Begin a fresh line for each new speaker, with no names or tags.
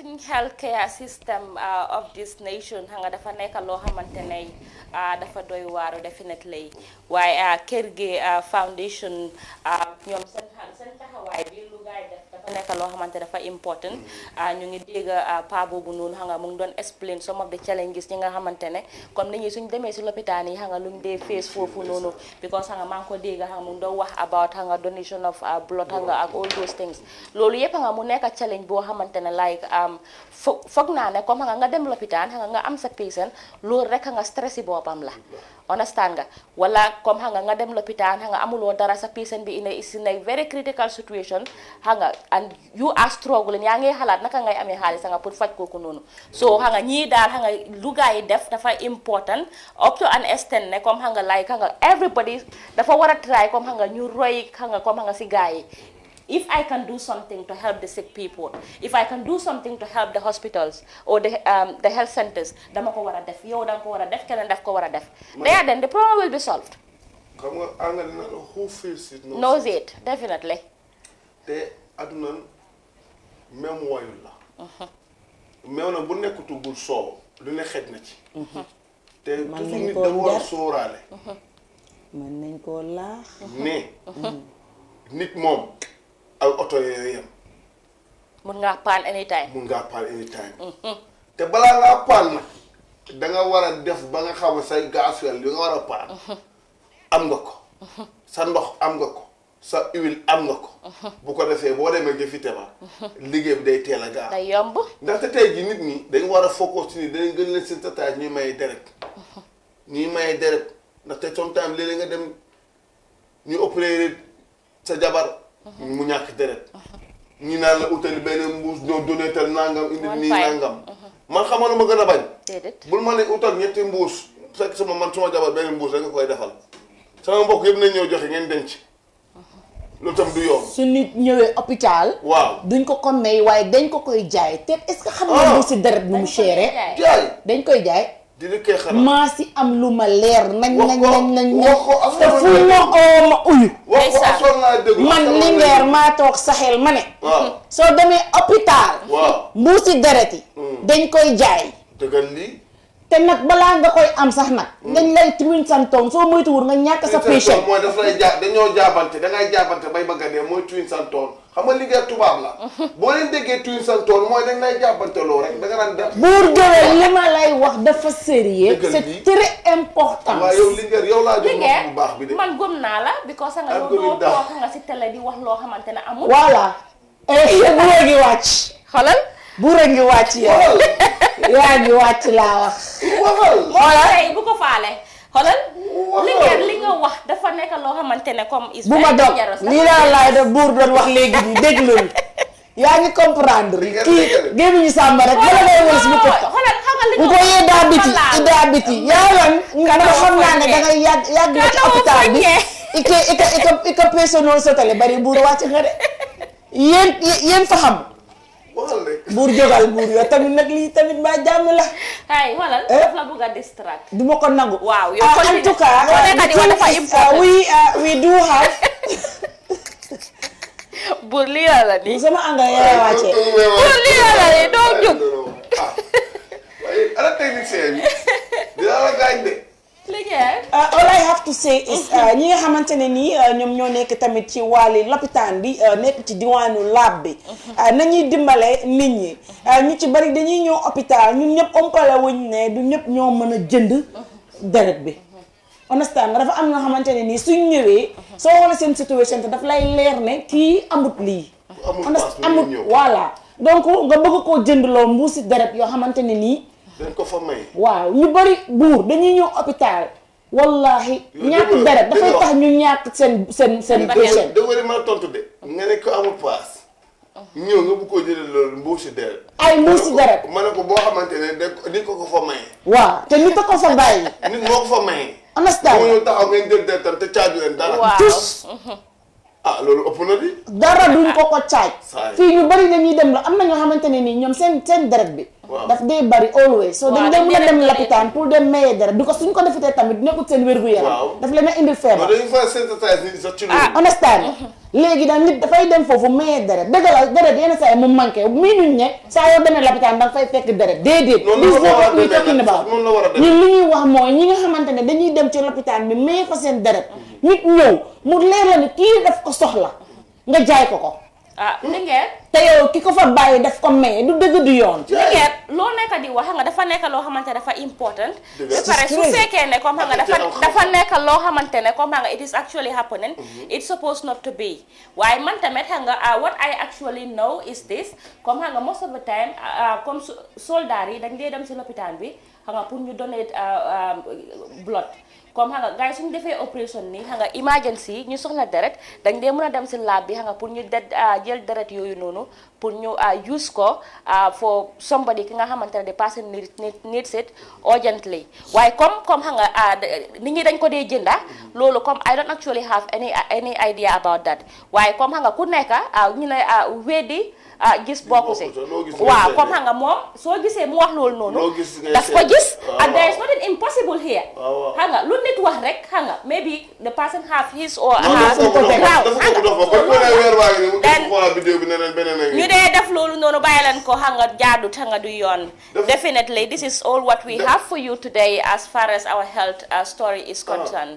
suñ healthcare system uh, of this nation xam nga dafa nekka loo xamante ne uh, dafa doy waaru definitely waaye uh, kër gi foundation ñoom seen seen taxawaay bi loo dafa important ñu ngi dégg pa boobu noonu xam nga mu ngi doon explain some of the challenges ñi nga xamante ne comme nit ñi suñ demee si lopitaan yi xam nga lu face foofu noonu because xam nga maa ngi ko dégg xam mu wax about xam donation of blood xam ak all those things loolu yëpp xam nga mu nekk challenge bo xamante like um, foog na ne comme xam nga nga dem lopitaan xam nga nga am sa patient loolu rek xam nga stress yi la understand nga wala comme hanga nga nga dem lopitaan hanga nga amuloo dara sa patient bi is in a very critical situation Hanga and you are struggling yaa ngay xalaat naka ngay amee xaalis nga pour faj kooku noonu so xam nga ñii daal xam nga lu gaa yi def dafa important up to an extent ne comme xam nga like everybody dafa war a try comme xam nga ñu roy xam nga comme xam nga si gaa yi if I can do something to help the sick people if I can do something to help the hospitals or the um, the health centers dama ko war a def yow danga ko war a def keneen daf ko war a def. there then the problem will be
na who feels même woyul la. Uh-huh. meew nag bu nekkutugul soow lu ne xej na ci. Uh-huh. te toujours nit da war sóoraale.
Uh-huh.
nañ koo laax. ne.
nit moom ak oto yooyu yem.
mun ngaa paan anytime. mun ngaa
paan anytime. te balaa ngaa paan nag da war a def ba nga xam ne say gaasuel li nga war a paan. am nga ko. sa ndox am nga ko. sa huile am nga ko. bu ko defee boo demee nga fi tema. liggéey bi day teel a gaaw. day yomb ndaxte tey jii nit ñi dañ war a focus ci ni dañ gën leen seen tataay ñuy may deret. ñuy may deret ndaxte sometimes léeg-léeg nga dem ñu opéré sa jabar. mu ñàkk deret. ñu naan la utali benn mbuus doo donetal nangam indi nii nangam. Uh-huh. man xamal ma gën a bañ. bu ma ne utal ñetti mbuus fekk sama man suma jabar benn mbuus rek nga koy defal. sama mbokk yëpp nañ ñoo joxe ngeen denc.
loolu tam du yoon. su nit ñëwee hôpital. waaw duñ ko ko may waaye dañ ko koy jaay te est-ce que xam nga ah. lu si deret nu mu chéré. dañ koy jaay. maa si am lu ma leer nañ nañ nañ nañ nañ te fu ma oo ma uyu man Linguère maa toog saxel ma ne soo demee hôpital mbuusi deret yi mm. dañ koy jaay te nag balaa nga koy am sax nag. dañ lay timin santoon soo moytuwul nga ñàkk sa. péché
mooy daf lay ja dañoo jaabante dangay jaabante bay bëgg a dee mooy tuin santoon xam nga liggéey tubaab la. boo leen déggee tuin santoon mooy dañ lay jaabante loo rek danga naan def. a géwél
li ma lay wax dafa sérieux. c'est très important. waaw yow Linguère yow laa jox bu
baax bi de. man gëm naa la because nga yow doo toog wax loo xamante ne amul. voilà.
Eh, bu léegi wàcc. xoolal. buura ngi wàcc yow yaa ngi wàcc laa wax.
xoolal bu ko dafa nekk loo xamante ne comme. bu lii laa laay
def buur doon wax léegi nii déglul yaa ngi comprendre kii gémmiñu sàmba rek mën na lay wërs bu ko bu ko yee daa biti daa biti yaa lan ne dangay yàgg bi i ka i ka i ka i ka peesonoo bari buur wàcc nga de yéen yéen fa xam buur jógal buur yow tamit nag lii tamit mbaa jàmm la.
ay wala daf la bëgg a distract.
du ma ko waaw yow ah, en tout uh, buur lii la la nii. sama engrais yaa la wàccee. buur lii la la nii doo
jóg.
Euh, ñi nga
xamante ne nii euh, ñoom ñoo nekk tamit ci wàlli lopitaan bi euh, nekk ci diwaanu laab bi
mm-hmm.
nañuy dimbale nit ñi mm-hmm. ñu ci bari dañuy ñëw hôpital ñu ñëpp ompale wuñ ñëpp ñoo mën a jënd mm-hmm. deret bi understand xamante ne nii suñ ñëwee soo xoolee seen situation te daf lay leer ne kii amut lii amut voilà donc nga bëgg koo jëndloo mbuusi deret yoo xamante ne nii ko waaw ñu bari buur dañuy ñëw hôpital wallahi ñàkk deret dafay tax ñu ñàkk seen seen seen. seen da nga
mën a tontu de. nga ne ko amul paas. ñëw nga bu ko jëlee loolu mbuusi deret. ay mbuusi deret ma ne ko boo xamante ne de nit ko ko fa maye.
waaw te nit a ko fa bàyyi. nit moo
ko fa maye. anastaan boo ñëw taxaw ngeen jël deret te caaju leen dara. waaw ah
loolu ëpp na di. dara duñ ko ko caaj. fii ñu bari dañuy dem la am na ñoo xamante nii ñoom seen seen deret bi. daf dee bari always. so dañ dee mën a dem lapitaan pour dem maye deret du ko suñ ko defitee tamit nekkul seen wér-gu-yaram. daf leen a indil feebar.
Ah, understand
léegi nag dafay dem foofu maye deret dëgg la deret yenn saa yi mu manqué mii ñu ne saa yoo demee lapitaan da nga fay fekk deret déedéet. noonu la war a demee nag noonu la war ñuy wax mooy ñi nga xamante ne dañuy dem ci lapitaan bi seen deret nit ñëw mu leer la ni kii daf ko soxla nga jaay ko ko. ah Linguère. te yow ki ko fa bàyyi daf ko maye du dëgg du yoon. Linguère
loo nekk di wax xam nga dafa nekk loo xamante dafa important. dëgg pare su fekkee ne comme nga dafa dafa nekk loo xamante ne comme nga it is actually happening. Mhm. it's supposed not to be. waaye man tamit xam nga ah, what I actually know is this comme xam nga most of the time ah, ah, comme soldaar yi dañ dee dem si lopitaan bi. xam pour ñu donate euh, euh, blood comme xam nga gars ñu suñu defee opération nii xam nga emergency ñu soxla deret dañ dee mën a dem si lab bi xam pour ñu de euh, jël deret yooyu noonu pour ñu use ko for somebody ki nga xamante ne the person needs it urgently waaye comme comme xam nga nit ñi dañ ko dee jënda loolu comme I don't actually have any uh, any idea about that waaye comme xam nga ku nekk ñu ne weddi Ah, gis bokku si waaw comme xam nga moom soo gisee mu wax loolu noonu daf ko gis and there is nothing impossible here xam nga lu nit wax rek xam nga maybe the person have his or her ñu dee def loolu noonu bàyyi leen ko xam nga jaadut xam nga du yoon definitely this is all what we have for you today as far as our health story is concerned